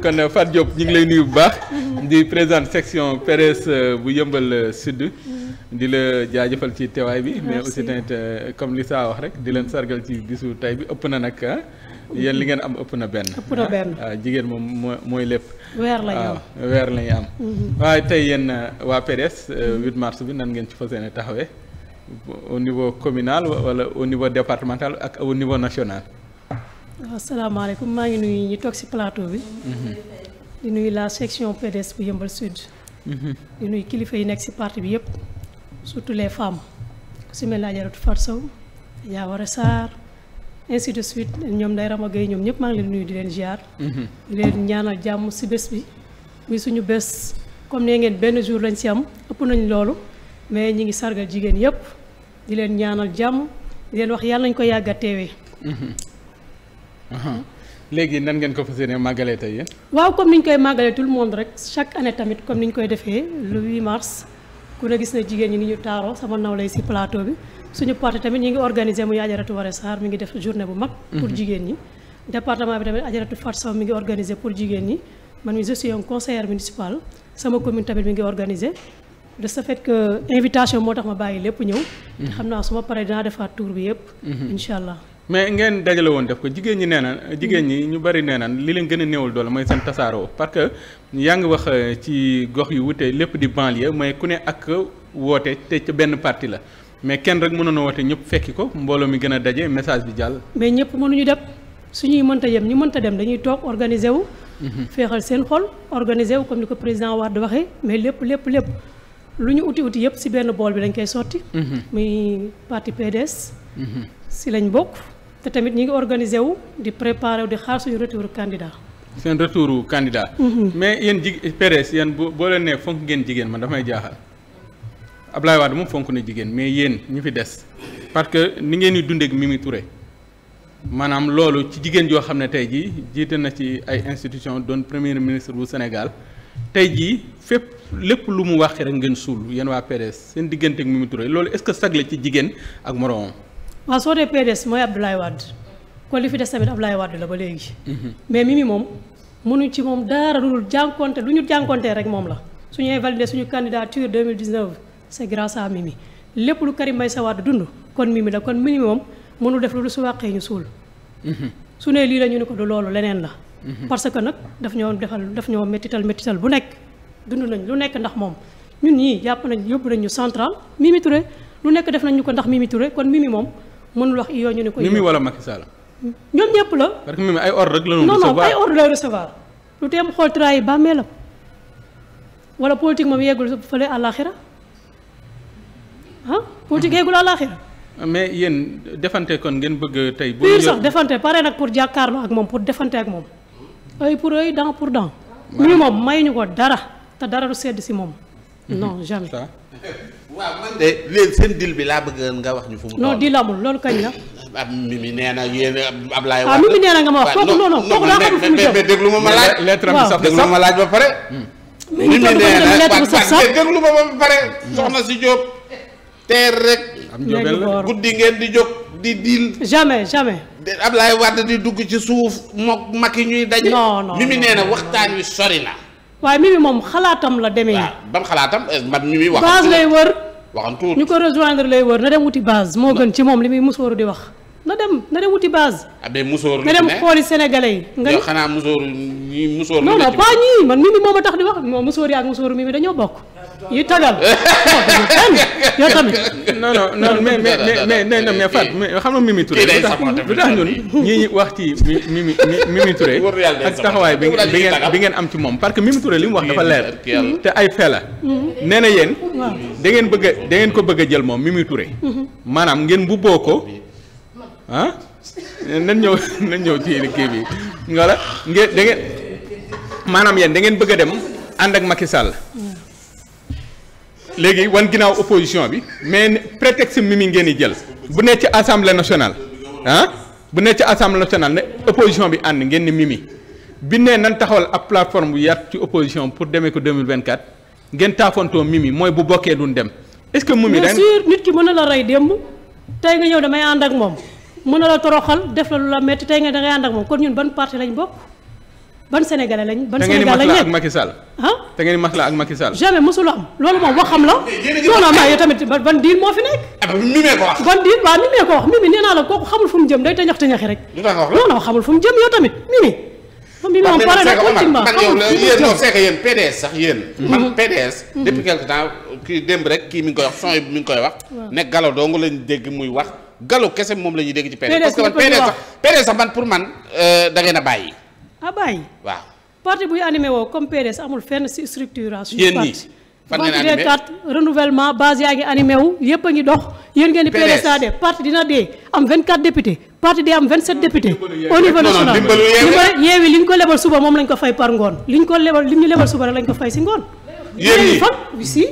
kon euh, Fat Diop ñu ngi lay nuyu bu baax. di présidente section PRS euh, bu yëmbal euh, sud. Mm. di la jaajëfal ci teewaay bi. mais aussi tamit comme li saa wax rek di leen sargal ci bisu tay bi ëpp na nag ah, yéen li ngeen am ëpp na benn. ëpp ah, jigéen moom mooy mooy lépp. weer la am ah, weer la am. Mm-hmm. waaye tey yéen waa PDS 8 mm-hmm. mars bi nan ngeen ci fas ne taxawee au niveau communal wala au niveau départemental ak au niveau national. waaw asalaamaaleykum maa ngi nuyu ñi toog ci plateau bi. di nuyu la section PDS bu Yeumbeul Sud. di nuyu kilifa yi nekk ci parti bi yëpp surtout les femmes ku ci mel ne Adjaratou Fatou Sow Diawara Sarr ainsi de suite ñoom day Rama Gueye ñoom ñëpp maa ngi leen nuyu di leen ziar. di leen ñaanal jàmm ci bés bi muy suñu bés comme nee ngeen benn jour lañ si am ëpp nañ loolu mais ñi ngi sargal jigéen yëpp di leen ñaanal jàmm di leen wax yàlla nañ ko yàgg a teewee. léegi nan ngeen ko fas yéene màggalee tey waaw comme ni ñu koy màggalee tout le monde rek chaque année tamit comme ni ñu koy defee le 8 mars ku ne gis na jigéen ñi ni ñu taaroo sama naw lay si plateau bi suñu parti tamit ñi ngi organiser muy Ajaratu Waré Sarr mi ngi def journée bu mag. pour mhm. jigéen ñi. département bi tamit Ajaratu Fatou Sow mi ngi organiser pour jigéen ñi man mi je suis un conseillère municipal sama commune tamit mi ngi organiser. de ce fait que invitation moo tax ma bàyyi lépp ñëw. Mhm. xam naa su ma paree dinaa defaat tour bi yëpp. Mhm. incha allah. mais ngeen dajale woon def ko jigéen ñi nee na jigéen ñi ñu bari nee na li leen gën a néewal doole mooy seen tasaaroo parce que yaa ngi wax euh, ci gox yu wute lépp di banlieue mooy ku ne ak woote te ca benn parti la mais kenn rek mënoon a woote ñëpp fekki ko mbooloo mi gën a daje message bi jàll. mais ñëpp mënuñu dem suñuy mënta yem ñu mënta dem dañuy toog organiser wu. Mhm. feexal seen xol organiser wu comme ni ko président wax Wade waxee mais lépp lépp lépp lu ñu uti uti yëpp si benn bool bi dañ koy sotti. Mhm. muy parti PDS. si mhm. lañ bokk. te tamit ñi ngi organisé wu di préparé wu di xaar suñu retour candidat. seen retour candidat. Mhm. mais yéen jig PDS yéen boo boo leen nee fonk ngeen jigéen man damay jaaxal Ablaye Wade moom fonk na jigéen mais yéen ñu fi des parce que ni ngeen di dundee ak Mimi Touré maanaam loolu ci jigéen joo xam ne tey jii jiite na ci ay institution doon premier ministre bu Sénégal tey jii fépp lépp lu mu wax rek ngeen suul yéen waa PDS seen diggante mu mu ture loolu est-ce que sagle ci jigéen ak moroomam. waaw ah, soo dee PDS mooy Abdoulaye Wade kon li fi des tamit Abdoulaye Wade la ba léegi. mais Mimi moom mënuñ ci moom dara lu dul jànkonte lu ñu jànkontee rek moom la su ñuy validé suñu candidature 2019 c'est grâce à Mimi lépp lu Karim Meïssa Wade dund kon Mimi la kon Mimi moom mënul def lu su wàqee ñu suul. su ne lii la ñu ne ko du loolu leneen la. parce que nag daf ñoo defal daf ñoo méttital méttital bu nekk dund nañ lu nekk ndax moom ñun ñii jàpp nañ yóbbu nañ ñu central Mimi lu nekk def nañ ko ndax Mimi Touré kon Mimi moom. mënul wax yoo ñu ne ko. Mimi wala Macky Sall. ñoom ñëpp la. parce que Mimi ay ordre rek la non non ay ordre lay recevoir. lu tee mu xool trahi bàmmeelam wala politique moom yeggul fële àllaaxira ah politique yeggul àllaaxira mais yéen defante kon ngeen bëgg tey. bu sax defante pare nag pour jàkkaarloo ak moom pour defante ak moom. ay pour ay dent pour dent. ñu moom mayuñu ko dara te dara du sedd si moom. non jamais. waaw man de seen dil bi laa bëgg nga wax ñu fu mu. non loolu kañ la. ab mimi nee na yéen Ablaye. Ah, waaw mimi nee na nga ma wax kooku non non kooku daa xamul fu mu jëm mais déglu ma ma laaj. lettre ma ma ba pare. ma ba pare. soxna si Diop. teer rek. guddi ngeen di jóg di dil. jamais jamais. Ablaye Wade di dugg ci suuf mook Macky ñuy daje. non non mimi nee waxtaan wi sori na. waaye Mimi moom xalaatam la demee. waaw ban xalaatam man euh, Mimi wax. base lay wër. waxantu ñu ko rejoindre lay wër na dem wuti base moo gën ci moom li muy musóoru di wax. na dem na dem wuti base. abe ah, musóoru na dem xooli sénégalais yi. nga ni xanaa musóoru ñii musóoru. non non pas ñii man Mimi moom a tax di wax moom musóor yi ak musóoru Mimi dañoo bokk. yu tagal yow tamit. non non non mais mais mais mais mais Fatou mais xam nga Mimi Touré. kii lu tax ñun ñi wax ci Mimi Mimi Touré. ak taxawaay bi ngeen am ci moom parce que Mimi Touré li mu wax dafa leer. te ay fee la. Mhm. nee na yéen. da ngeen bëgg dangeen ko bëgg a jël moom Mimi Touré. Mhm. maanaam ngeen bubboo ko ah nan ñëw nan ñëw ci kii bi wala ngeen da ngeen maanaam yéen da ngeen bëgg a dem ànd ak Macky Sall. Mhm. léegi wan ginnaaw opposition bi mais prétexte mi mi ngeen di jël bu nekk ci assemblée nationale ah bu nekk ci assemblée nationale ne opposition bi ànd ngeen ni mimi bi ne nan taxawal ab plateforme bu yat ci opposition pour demee ko 2024 ngeen taafantoo mimi mooy bu bokkee duñ dem. est que mimi bien sûr nit ki mën na la rey démb tey nga ñëw damay ànd ak moom mën na la toroxal def la lu la metti tey nga da ngay ànd ak moom kon ñun ban parti lañ bokk. ban sénégalais lañ ban sénégalais lañ ak Macky Sall ah te ngeen di maslaa ak Macky Sall jamais mosul am loolu moom waxam la non mais yow tamit ban diil moo fi nekk ah, ban diil waaw mimee ko wax mimi nee naa xamul fu mu jëm day tañax tañaxi rek non non xamul fu mu jëm yow tamit mimi moom bi moom pare na continuement yéen non yéen PDS sax yéen mhm. mhm. kii démb rek kii mi ngi koy wax son mi ngi koy wax nekk galo dong lañ dégg muy wax galo kese moom la ñuy dégg ci PDS parce que man PDS sax man pour man euh, da ngeen bàyyi ah bàyyi waaw parti buy animé woo comme PDS amul fenn si structuration yéen ñi fan ngeen animé a ngi dox yéen ngeen di PDS daa dee parti dina dee am 24 députés parti dee am 27 députés au niveau national yeewi li ko lebal suba moom lañ ko fay par ngoon li ko lebal li ñu lebal suba rek lañ ko fay si ngoon yéen ñi fan si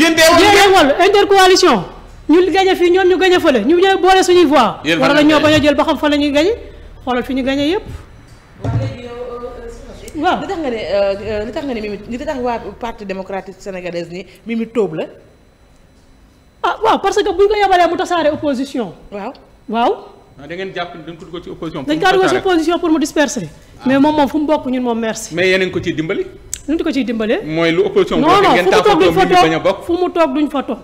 yéen dee wàllu intercoalition ñu gañe fii ñoom ñu gañe fële ñu boole suñuy voix wala ñoo bañ a jël ba xam fa la gañe xoolal fi ñu gañe yépp waaw li tax nga ne euh, euh, li tax nga ne Mimi li tax waa parti démocratique sénégalaise ni Mimi tóob la. ah waaw parce que bu ñu ko yabalee mu tasaare opposition. waaw waaw. Ah, da ngeen jàpp dañ ko dugal ci opposition. dañ kaa dugal ci opposition pour mu disperser. Ah. mais moom moom fu mu bokk ñun moom merci. mais yéen a ngi ko ciy dimbali. lu ñu ko ciy dimbalee. mooy lu opposition. mu toog fu mu toog duñ fa toog.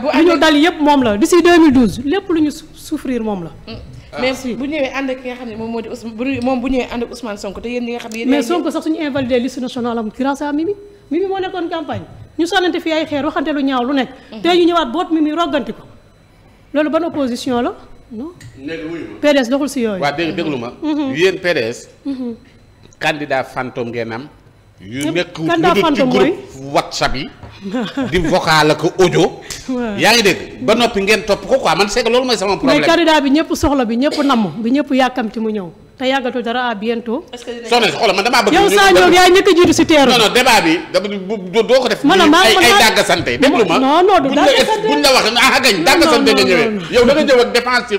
bu ñu dal yépp moom la d'ici 2012 lépp lu ñu souffrir moom la. Mm. Ah. mais bu ñëwee ànd ak ki nga xam ne moom moo di Ousmane moom bu ñëwee ànd ak Ousmane Sonko te yéen ñi nga xam ne yéen mais Sonko sax suñu invalidé liste nationale am grâce à Mimi Mimi moo nekkoon campagne ñu sonnante fi ay xeer waxante lu ñaaw lu nekk mhm. tey ñu ñëwaat boot Mimi rogganti ko loolu ban opposition la non doxul si yooyu waaw dégg déglu ma mhm. yéen PDS mhm. candidat fantôme ngeen yu nekk lu dul ci groupe whatsapp yi di vocal ak audio. yaa ngi dégg ba noppi ngeen topp ko quoi man c'est que loolu mooy sama problème. mais candidat bi ñëpp soxla bi ñëpp namm bi ñëpp yàkkamti mu ñëw te yàggatu dara à bientôt. est que dinañ soxna si xoolal man damaa bëgg. yow saa ñëw yaay ñëkk a jiitu si teeru. non ay ay dàggasante déglu ma. non wax buñ la wax ah ñëwee. yow da nga ak défense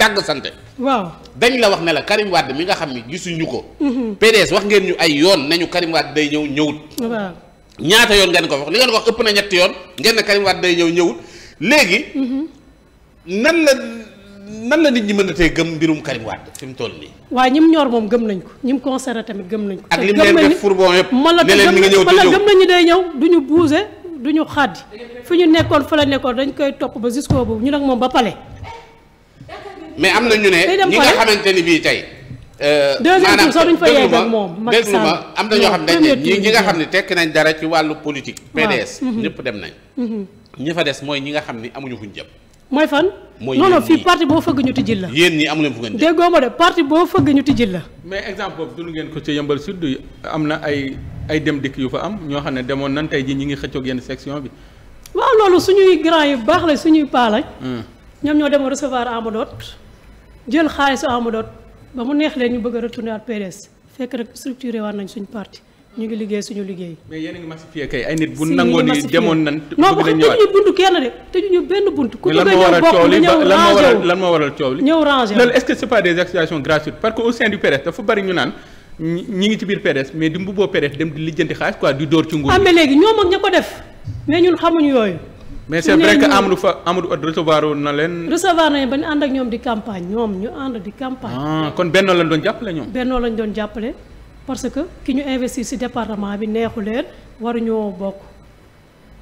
dagg sante waaw dañ la wax ne la Karim Wade mi nga xam ni gisuñu ko. Mhm. PDS wax ngeen ñu ay yoon nañu Karim day ñëw ñëwut. waaw ñaata yoon ngeen ko wax li ngeen wax ëpp na ñetti yoon ngeen ne Karim day ñëw ñëwut léegi. Mhm. nan la nan la nit ñi mën a gëm mbirum Karim Wade fi mu toll nii. waaw ñim ñor moom gëm nañ ko ñim concerné tamit gëm nañ ak lim leen def yëpp. ne leen ni nga ñëw te ñëw gëm nañu day ñëw du ñu buuse du ñu xàddi. ñu nekkoon fa la nekkoon dañ koy topp ba jusqu'au boobu ñu nag moom ba pale mais am na ñu ne ñi nga xamante ni bii tey. Euh, deuxième tour sax duñ fa yegg ak moom Macky am na ñoo xam ne ñi ñi nga xam ne tekk nañ dara ci wàllu politique. PDS mhm. ñëpp dem nañ. Mhm. ñi fa des mooy ñi nga xam ni amuñu fuñ jëm. mooy fan. mooy non non fii parti boo fëgg ñu tijjil la. yéen ñi amu leen fu ngeen jëm déggoo ma de parti boo fëgg ñu tijjil la. mais exemple boobu dund ngeen ko ci yëmbal sud am na ay ay dem dikk yu fa am ñoo xam ne demoon nan tey ji ñi ngi xëccoog yenn section bi. waaw loolu suñuy grand yu baax la suñuy paa lañ hmm. ñoom ñoo demoon recevoir Amadou jël xaalisu Amadou ba mu neex leen ñu bëgg a retourner fekk rek structuré waan nañ suñu parti ñu ngi liggéey suñu liggéey. mais yéen a ngi massifié kay ay nit bu nangoo ni demoon nañ. non bu xam ne tëjuñu buntu kenn de tëjuñu benn buntu. ku bëgg a ñëw bokk nga ñëw rangé wu lan moo waral coow li ñëw rangé wu. est-ce que c'est pas des accusations gratuites parce que au sein du PDS dafa bari ñu naan ñi ngi ci biir PDS mais di mbubboo PDS dem di lijjanti xaalis quoi du dóor ci nguur. ah ko def mais ñun yooyu mais c'est vrai que Amadou Fa Amadou recevoir na leen. recevoir nañu ba ñu ànd ak ñoom di campagne ñoom ñu ànd di campagne. Ah, kon benn lañ doon jàppale ñoom. benn lañ doon jàppale parce que ki ñu investir ci département bi neexu leen waruñoo bokk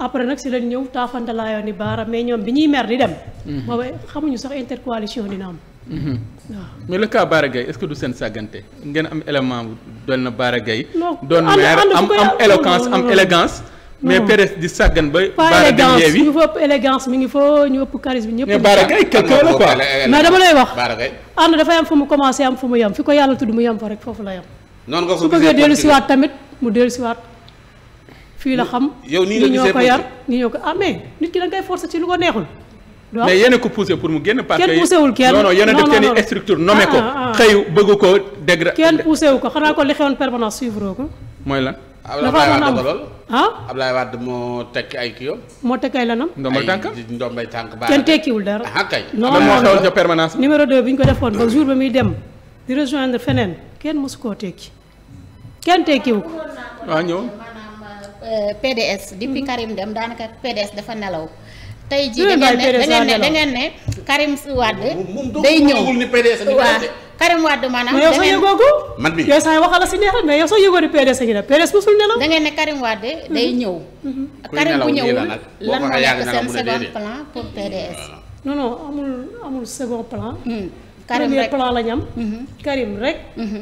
après nag si lañ ñëw taafantalaayoo ni baara mais ñoom bi ñuy mer di dem. Mhm. booba xamuñu sax intercoalition dina am. Mhm. waaw mais le cas Bara Gaye est-ce que du seen sàggante ngeen am élément doon na Bara Gaye doon maire am am éloquence am élégance. mais hmm. PDS di sàggan ba. baara dem yeewi ñu fa ëpp élégance mi ngi fa ñu ëpp charisme ñëpp. mais baara mais dama lay wax. baara kay ànd dafay am fu mu commencé am fu mu yem fi ko yàlla tudd mu yem fa rek foofu la yem. noonu nga ko gisee su bëggee dellusiwaat tamit mu dellusiwaat. fii la xam yow nii la ñoo ko yar nii ñoo ko ah mais nit ki da ngay ci lu ko neexul. waaw mais yéen ko poussé pour mu génn. parce que kenn poussé kenn non non a def seen structure nommé ah, ko. Ah, ah. xëy bëgg ko dégradé. kenn wu ko xanaa ko li xewoon permanence suivre mooy lan. dafa amoon amul lool ah Abdoulaye Wade moo tekki ay kii yoom moo tekki ay lanam ndombal tànk ndombal tànk baax kenn tekkiwul dara ah kay non moo xewoon permanence numéro 2 bi ñu ko defoon ba jour ba muy dem di rejoindre feneen kenn mosu koo tekki kenn tekkiwu ko waaw ah, ñëw euh, PDS depuis mhm. Karim dem daanaka PDS dafa nelaw tey jii eh, da ngeen ne da ngeen ne Karim Wade day ñëw waaw Karim Wade maanaam. mais yow sa yëgoo ko. man bi yow saa yi waxal la si neex rek mais yow soo yëgoo nelaw. da ne Karim Wade day mhm. ñëw. Mhm. Karim bu ñëwul lan moo nekk seen second plan pour PDS. non amul amul second plan. Hmm. Mhm. Karim rek premier plan la ñam. Karim rek.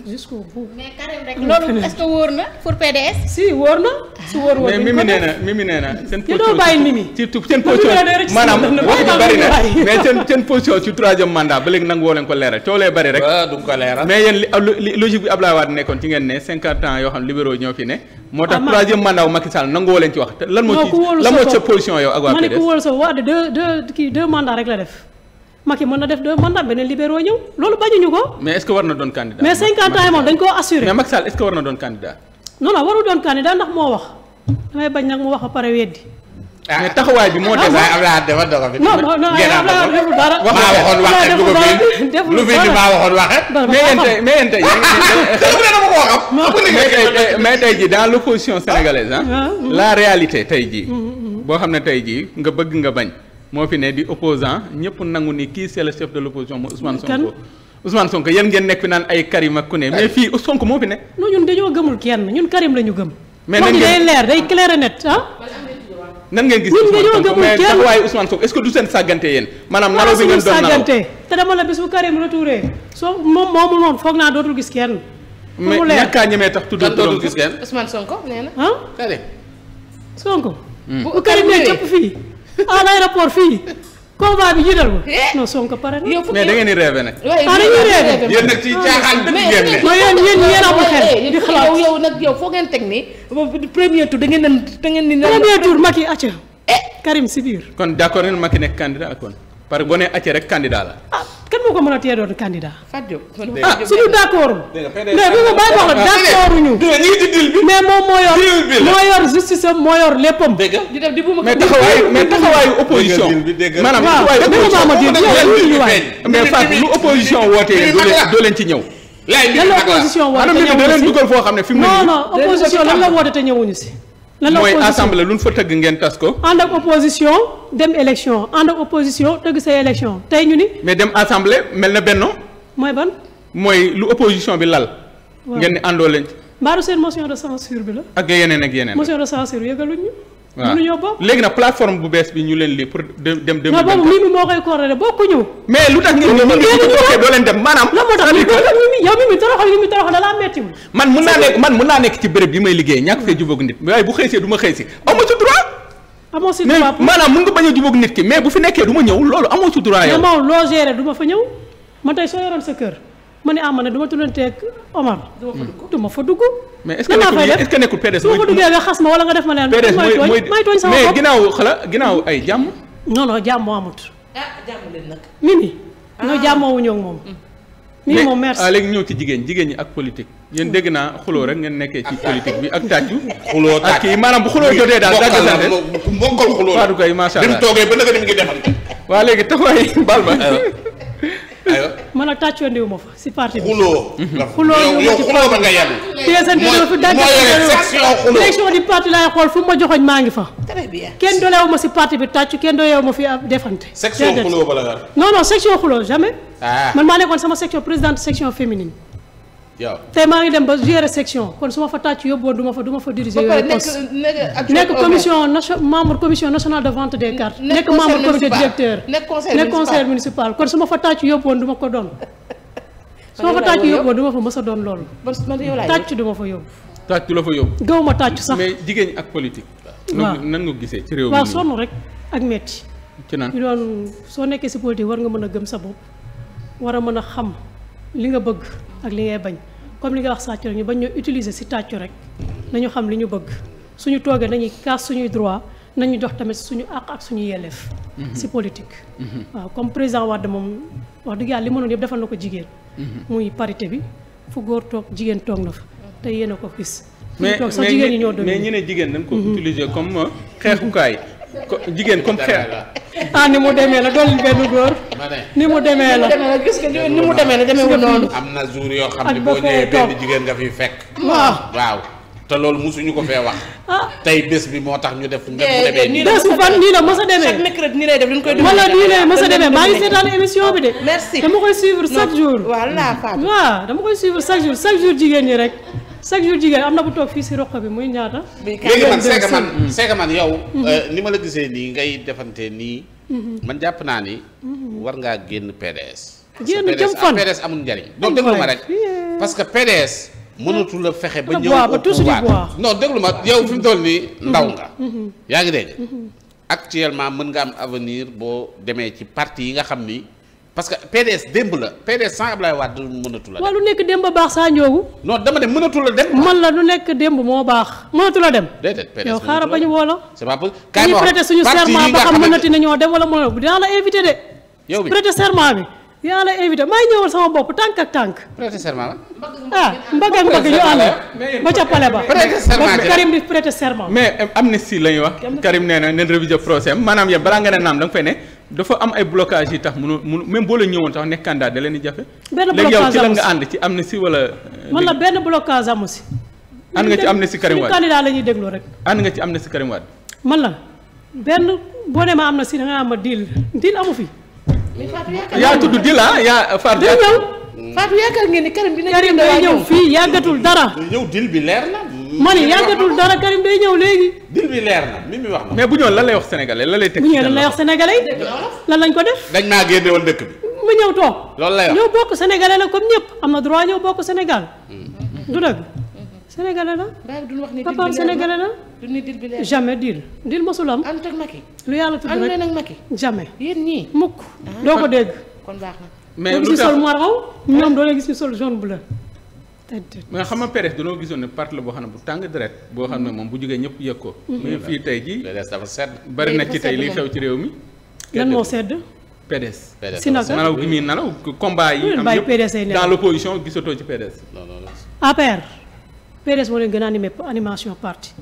jusqu'au bout. mais Karim rek loolu est-ce que wóor na pour PDS. si wóor na su wóor wóor. mais Mimi nee na Mimi nee na seen position yéen doo bàyyi Mimi. surtout seen position maanaam wax bi bari na mais seen seen position ci troisième mandat ba léegi nangu woo leen ko leeral coow lee bari rek. waaw du ko leeral. mais yéen li logique bi Abdoulaye Wade nekkoon ci ngeen ne cinquante ans yoo xam libéraux ñoo fi ne. moo tax troisième mandat wu Macky Sall nangu woo leen ci wax. lan moo ci lan moo ci sa position yow ak waa PDS. ma ne ku wóolu sa bopp deux deux kii deux mandats rek la def Macky mën na def deux mandats beneen libéraux ñëw loolu bañuñu ko. mais est ce que war na doon candidat. mais 50 ans dañ koo assuré. mais na moo wax damay bañ nag mu wax a pare weddi. ah mais taxawaay bi moo ah, des. waaye Abdoulaye Wade dafa dogal. non non non Abdoulaye deful dara. wax waxoon waxee lu ko bind lu bind maa waxoon waxee. mais yéen tey mais yéen tey. mais mais tey jii dans l' opposition ah. sénégalaise ah. la réalité tey jii. Mm, mm, mm. boo xam ne tey jii nga bëgg nga bañ. moo fi ne di opposant ñëpp nangu ni kii c'est le chef de l'opposition mu Ousmane Sonko Ousmane Sonko yéen ngeen nekk fi naan ay Karim ak ku ne mais fii Sonko moo fi ne non ñun ah. gis Ousmane Sonko mais taxawaayu Ousmane Sonko est-ce que du seen sàggante yéen maanaam nalaw bi ngeen doon nalaw te dama la bis bu Karim retouré soo moom moomul woon foog naa dootul gis kenn mais ñàkk a ñemee tax tudd dootul gis kenn Ousmane Sonko nee na ah Karim Sonko hmm. bu Karim ne cëpp fii à ah, l'aéroport fii combat bi jiital ko. Eh? non Sonko pare na. yow mais da ngeen di nag. waaye ah, yéen nag ci caaxaan di eh, eh, xalaat foo ngeen teg ni premier tour da ngeen da ngeen di. premier tour Macky acca. Karim si biir. kon d'accord ngeen Macky nekk candidat kon parce que boo nee acca rek candidat la. Ah, moo ko mën a tee doon candidat. Fatou ah, suñu d' mais moom moo yor. moo yor justice am yor léppam. mais taxawaayu mais taxawaayu opposition. maanaam taxawaayu opposition wootee doo leen ci ñëw. laay bi nag la opposition woote te ñëwuñu si lan la opposition te te ñëwuñu si. lan la opposition mooy assemblée lu ñu fa tëgg ngeen tas ko. ànd ak opposition dem élection ànd ak opposition tëgg say élection tey ñu ni. mais dem assemblée mel na benno mooy ban. mooy lu opposition bi lal. ngeen ni àndoo leen. mbaaru seen motion de censure bi la. ak yeneen ak yeneen. motion de censure yëgaluñ ñu. mënuñoo bokk léegi na plateforme bu bees bi ñu leen lii pour dem dem. non boobu Mimi moo koy coordonné bokkuñu. mais lu tax ngeen ñu mën ngeen bokkee doo leen dem maanaam. c'est-à-dire que man mun naa nekk man mun naa nekk ci béréb yi may liggéey ñàkk fee jubóog nit waaye bu xëysee du ma xëysi amu ci droit. amoo ci droit mais maanaam mun nga bañ a jubóog nit ki mais bu fi nekkee duma ñëw loolu amoo ci droit yow. mais fa ñëw man tey soo yoroon sa kër ma ne ah man ne du ma tuddanteeg Omar. du ma fa dugg. mais est-ce nekkul PDS su ma fa duggee nga xas ma wala nga def ma leen. PDS mooy mooy may tooñ sama bopp mais ginnaaw xala ginnaaw ay jàmm. non non jàmm moo amut. Ah, ah. moom. mimi mm. moom merci ah, léegi ñëw ci jigéen jigéen ñi ak politique. yéen dégg naa xuloo rek ngeen nekkee ci politique bi ak tàccu. xuloo tàcc ak kii maanaam bu xuloo jotee daal daggasante mbokkal xuloo la Fatou Gueye macha allah ba nag waa léegi taxawaay baal ma aywa man ak tàccoondiwu ma fa si parti bi. xuloo. xuloo yow xuloo ba nga yem. élection di parti laay xool fu ma joxoñ maa ngi fa. très bien kenn doleewu ma si parti bi tàcc kenn doleewu ma fi defante. section xuloo bala nga. non non section xuloo jamais. Ah. man maa nekkoon sama section présidente section féminine. waaw tey maa ngi dem ba gérer section kon su ma fa tàcc yóbbu du ma fa du ma fa diriger. nekk commission nationale membre commission nationale de vente des cartes. nekk membre comité directeur nekk conseil municipal nekk conseil municipal kon su ma fa tàcc yóbbu du ma ko doon. su ma fa tàcc yóbbu du ma fa mës a doon loolu. tàcc du ma fa yóbbu. tàcc la fa yóbbu. gaw ma tàcc sax mais jigéen ñi ak politique. waaw nan nga gisee ci réew mi waaw sonn rek ak metti ci naan ñu doon soo nekkee si politique war nga mën a gëm sa bopp war a mën a li nga bëgg ak li ngay bañ comme li nga wax sàcc rek ñu bañ ñoo utiliser si tàccu rek nañu xam li ñu bëgg suñu toogee nañuy kaas suñuy droit nañu dox tamit suñu àq ak suñu yelleef mm-hmm. si politique mm-hmm. waaw comme président Wade moom wax dëgg yàlla li mënoon yëpp defal na ko jigéen mm-hmm. muy parité bi fu góor toog jigéen toog na fa te yéen a ko gis mais mais ñi ne jigéen dañ ko utiliser comme xeexukaay ko jigéen comme xeer ah ni mu demee la doon benn góor. ni mu demee la gis nga ni mu demee la demee ko noonu. am na jour yoo xam ne boo ñëwee benn jigéen nga fi fekk. waaw te loolu musuñu ko fee wax. Ah. tey bés bi moo tax ñu def. Eh, nii bés bu nii lay def dañ koy. nii lay mos a demee maa ngi seetaan émission bi de. merci dama koy suivre chaque jour. voilà dama koy suivre chaque jour jigéen ñi rek. chaque jour jigéen am na bu toog fii si roq bi muy ñaata. léegi man seega man seega man yow. Mm-hmm. Euh, ni ma la gisee nii ngay defante nii. Mm-hmm. man jàpp naa ni. Mm-hmm. war ngaa génn PDS. génn jëm fan amul njariñ. donc déglu ma rek parce que PDS. mënatu la fexe ba ñëw au pouvoir non déglu ma yow fi mu toll nii ndaw nga. yaa ngi dégg. actuellement mën nga am avenir boo demee ci parti yi nga xam ni. parce que PDS démb la PDS sans la waaw lu nekk démb baax saa Ndiogou. non dama ne mënatu dem. man la lu nekk démb moo baax. mënatu la dem. déedéet xaaral ba ñu woo la. ma prêter suñu serment ba xam mënati nañoo dem wala mënatu dinaa la invité de. yow bi prêter yaa la invité may ñëwal sama bopp tànk ak tànk. prêter serment la. ah mbagg ak mbagg ñu ba ca ba. prêter serment Karim mais amnistie la wax. Karim nee na nañ réviser procès maanaam balaa nga ne naam fay ne dafa am ay blocage yi tax mënoo mënu même boo la ñëwoon tax nekk candidat da leen di jafe. benn blocage léegi nga ànd ci am na si wala. man euh, la benn blocage amu si. ànd nga ci am na si Karim Wade la ñuy déglu rek. ànd nga ci am na si Karim man la benn boo nee ma am na si da nga am deal deal amu fi. yaa tudd deal ah yaa euh, Fatou. dégg nga Fatou ngeen ni Karim bi. Karim day ñëw fii yàggatul dara. ñëw deal bi leer ma ne yàggatul dara Karim day ñëw léegi. dil bi leer na mi mi wax na. mais bu ñëw lan lay wax sénégalais lan lay. teg bu ñëw lan lan lañ ko def. dañ naa génne woon dëkk bi. mu ñëw toog. loolu lay wax ñëw bokk sénégalais la comme ñëpp am na droit ñëw bokk Sénégal. Mm-hmm. du dëgg. sénégalais la. waaye duñu wax ni papaam sénégalais la. du ni dil bi leer jamais dil. dil mosul am. àndut ak Macky. lu yàlla tudd rek ànd ak Macky. jamais ñii. mukk ah. doo ko dégg. kon baax na. mais lu tax ñoom doo leen gis ñu sol bu la mais xam nga PDS dañoo gisoon ne parti la boo xam ne bu tàng deret boo xam ne moom bu jógee ñëpp yëg ko mais fii tey ji dafa na ci tey li xew ci réew mi lan moo sedd PDS si naka nalaw gi muy nalaw combat yi am yëpp dans l'opposition gisatoo ci PDS APR PDS moo leen gën a animé animation parti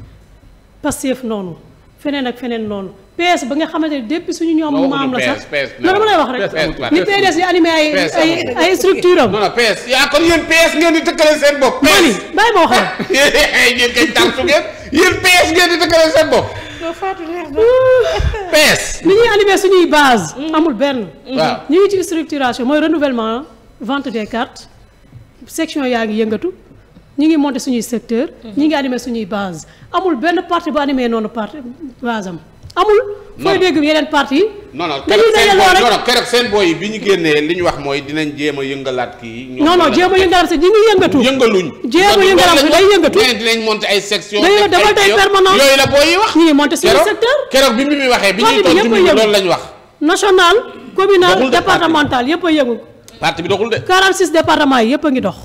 Pastef noonu feneen ak feneen noonu PS ba nga xamante ne depuis suñu ñoom maam la sax non dama lay wax rek ni PDS di animé ay ay ay structure am. non non PS yaa kon yéen PS ngeen di tëkkale seen bopp. PS mani bàyyi ma wax rek. yéen kay tànku ngeen yéen PS ni ñuy animé suñuy base mm. amul benn. Mm. waaw ñu ngi ci structuration mooy renouvellement vente des cartes section yaa ngi yëngatu. ñu ngi monté suñuy secteur mm-hmm. ñu ngi animé suñuy base amul benn parti bu animé noonu parti base am. amul. fooy dégg yeneen parti non keroog seen booy bi ñu génnee li ñu wax mooy dinañ jéem a yëngalaat kii. non non jéem a yëngalaat sax ñu ngi yëngatu. yëngaluñ. jéem a yëngalaat bi day yëngatu ñeneen dinañ monter ay section dañoo defal bi mi muy waxee. bi ñuy toog ci a yëngu. parti bi doxul de. 46 a ngi dox.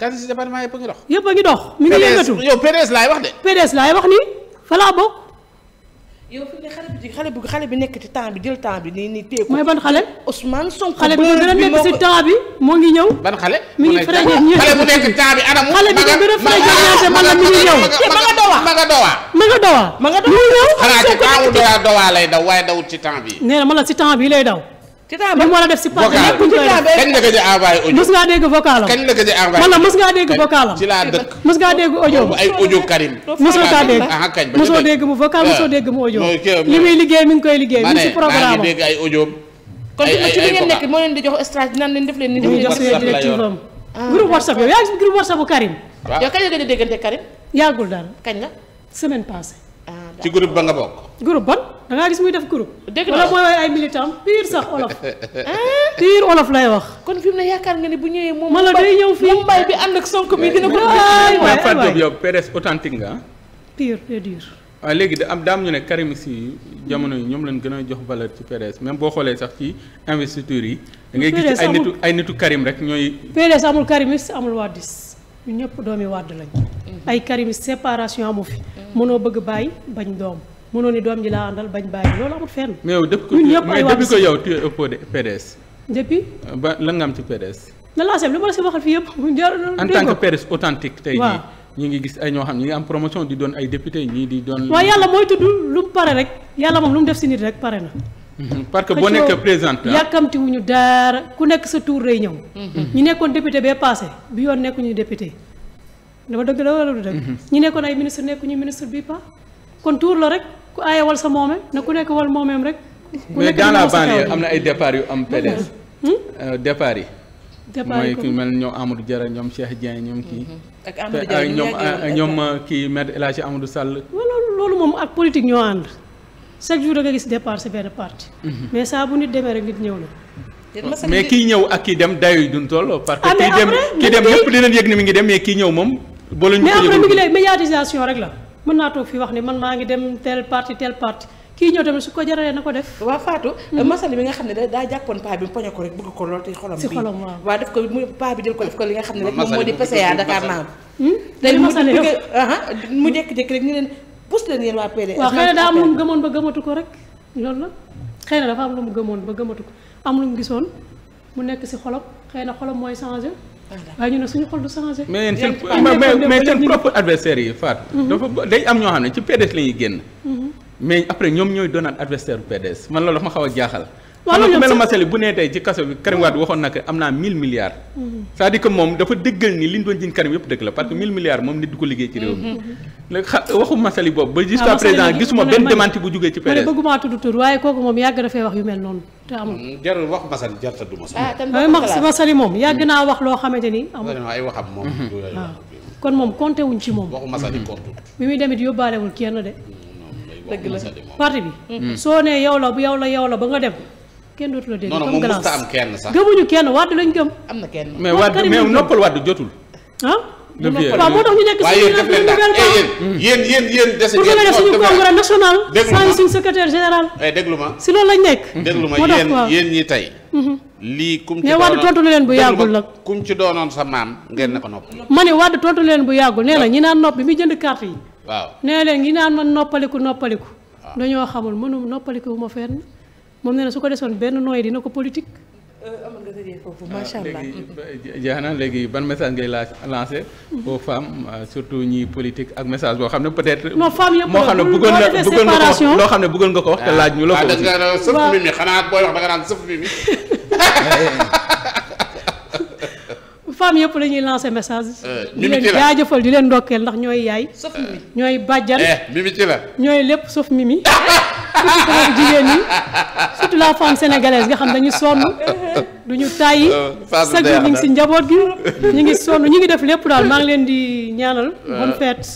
46 départements yëpp a ngi dox. yëpp a ngi dox mi ngi yëngatu. yow PDS laay wax nii fa yow fi ne xale bi xale bu xale bi nekk ci temps bi jël temps bi nii nii téye mooy ban xale. Ousmane Sonko xale bi moo gën a nekk ci temps bi moo ngi ñëw. ban xale. mi ngi bu nekk temps bi anamu. xale a ngi ñëw. ma nga dowa ma nga dowa. ma nga dowa. ma nga dowa mu ñëw. xanaa lay daw waaye dawut ci temps bi. nee na ma la ci temps bi lay daw. Tita Ba li mu war a def si pàcc lépp kañ la a envoyé audio mës kañ la gëj a envoyé man la mës ngaa mu vocal mi ngi koy liggéey mi ngi si programme dégg ay audio kon leen def leen ni def leen directive am ah. groupe WhatsApp yow yaa ngi groupe WhatsApp bu Karim yow kañ la gëj a déggante Karim yàggul daal kañ la semaine passée ci groupe ba nga bokk. groupe ban da ngaa gis muy def groupe. dëgg la wala mooy ay militant pire sax olof. Eh? pire olof lay wax. kon fi mu ne yaakaar nga ni bu ñëwee moom. mala day ñëw fii moom mbay bi ànd ak sonk bi eh. dina ko. waay waay Fatou Diop yow PDS authentique nga ah. pire et ah, léegi da am daam ñu ne karimis yi jamono yi ñoom lañ gën a jox valeur ci PDS même boo xoolee sax ci investiture yi. da ngay gis ay nitu ay nitu karim rek ñooy. PDS amul karimis amul waa dis ñu ñëpp doomi wàdd lañ ay karimi séparation amu fi mënoo bëgg bàyyi bañ doom mënoo ni doom ji laa àndal bañ bàyyi loolu amul fenn ñun ñëpp ay yow tu es au PDS depuis ba lan nga am ci PDS na laa seet lu ma la si waxal fii yëpp en tant que PDS authentique am promotion di doon ay député ñii di doon waaw yàlla mooy tudd lu mu pare rek yàlla moom lu mu def si nit rek pare na Mhm. parce que boo nekkee présidente yàkkamti wuñu daara ku nekk sa tour lay ñëw. Mhm. ñi nekkoon député bee passé bi yoon nekkuñu député dama dëgg war wala du dëgg. Mhm. ñu nekkoon ay ministre nekkuñu ministre bii pas kon tour la rek ku aaye wal sa moomee na ku nekk wal moomeem rek. ku nekk dans la am na ay départ yu am PDS. Hmm? Euh, départ yi. départ yi mooy ku mel ñoom Amadou Diarra ñoom Cheikh Dieng ñoom kii. Euh, euh, ak ñoom ñoom kii maître El Hadji Amadou Sall. loolu moom ak politique ñoo ànd. chaque jour da nga gis départ si benn parti. Mhm. mais saa bu nit demee rek nit ñëw na. mais kii ñëw ak kii dem dayo yi tolloo. parce que ah, kii dem kii dem yëg ni mi ngi dem mais kii ñëw moom. boo mais après ngi léegi maa ngi dem tel parti tel parti kii ñëw tamit su ko jaralee mhm. mu poñe ko rek ñu hmm? leen pousse leen yéen waa PDS. daa am lu mu gëmoon ba gëmatu ko rek loolu la xëy na dafa am lu gëmoon ba gëmatu ko am lu mu gisoon mu nekk si xolam xëy na xolam mooy changé. waaye ñu ne suñu xol du changé. mais seen mais seen propre adversaire yi Fatou. Mhm. dafa day am ñoo xam ne ci PDS la ñuy génn. Mhm. mais après ñoom ñooy doonaat adversaire bu PDS man loolu dafa ma xaw a jaaxal. waa loolu mel Massaly bu nee tey ci kaso bi Karim Wade waxoon na ko am naa 1000 milliards. Mhm. c'est-à-dire que moom dafa dëggal ni li ñu doon jiñ Karim yëpp dëgg la parce que 1000 milliards moom nit du ko liggéey ci réew mi. Mhm. Mhm. Ah, ma ne bëgguma tudd tur waaye kooku moom yàgg dafay wax yu mm, ah, ah, naa wax loo xamante ni. amul kon moom compté ci moom. bi muy demit yóbbaalewul kenn de. Mm, dëgg la parti bi. soo nee yow la bu la yow la ba nga dem kenn dootu la dégg non non moom am kenn sax gëmuñu kenn wàdd lañ gëm. na kenn mais wàdd mais noppal wàdd jotul. ah du noppal waaw moo tax ñu nekk si ñu nekk ñu yéen yéen yéen dese ngeen pour suñu congrès général. Eh, déglu ma si loolu lañ nekk. déglu ma yéen yéen ñi tey. Mhm. lii kum ci doonoon mais ci doonoon sa maam ngeen na ko nopp. ma ne Wade tontu leen bu yàggul nee na ñi naan nopp bi muy jënd carte yi. waaw nee leen ñi naan man noppaliku noppaliku. dañoo xamul mënum noppaliku wu ma fenn moom nee na su ko desoon benn nooy dina ko politique. amoon nga tëjee foofu macha allah léegi jeexna léegi ban message ngay lancé. aux femmes surtout ñi politique ak message boo xam ne peut-être. non femmes moo xam ne bëggoon na bëggoon nga ko loo xam ne bëggoon nga ko wax laaj ñu la ko. waaw ah, da nga sëf mi mi xanaa booy wax da nga sëf mi mi. femmes yëpp la ñuy lancer message. Euh, di leen di leen ndokkeel ndax ñooy yaay. sauf mimi euh, ñooy bàjjan. Eh, ñooy lépp sauf mi surtout jigéen ñi surtout la femme sénégalaise nga xam ne dañu sonn duñu tàyyi euh, chaque jour ñu ngi si njaboot gi ñu ngi sonn ñu ngi def lépp daal maa ngi leen di ñaanal bonne fête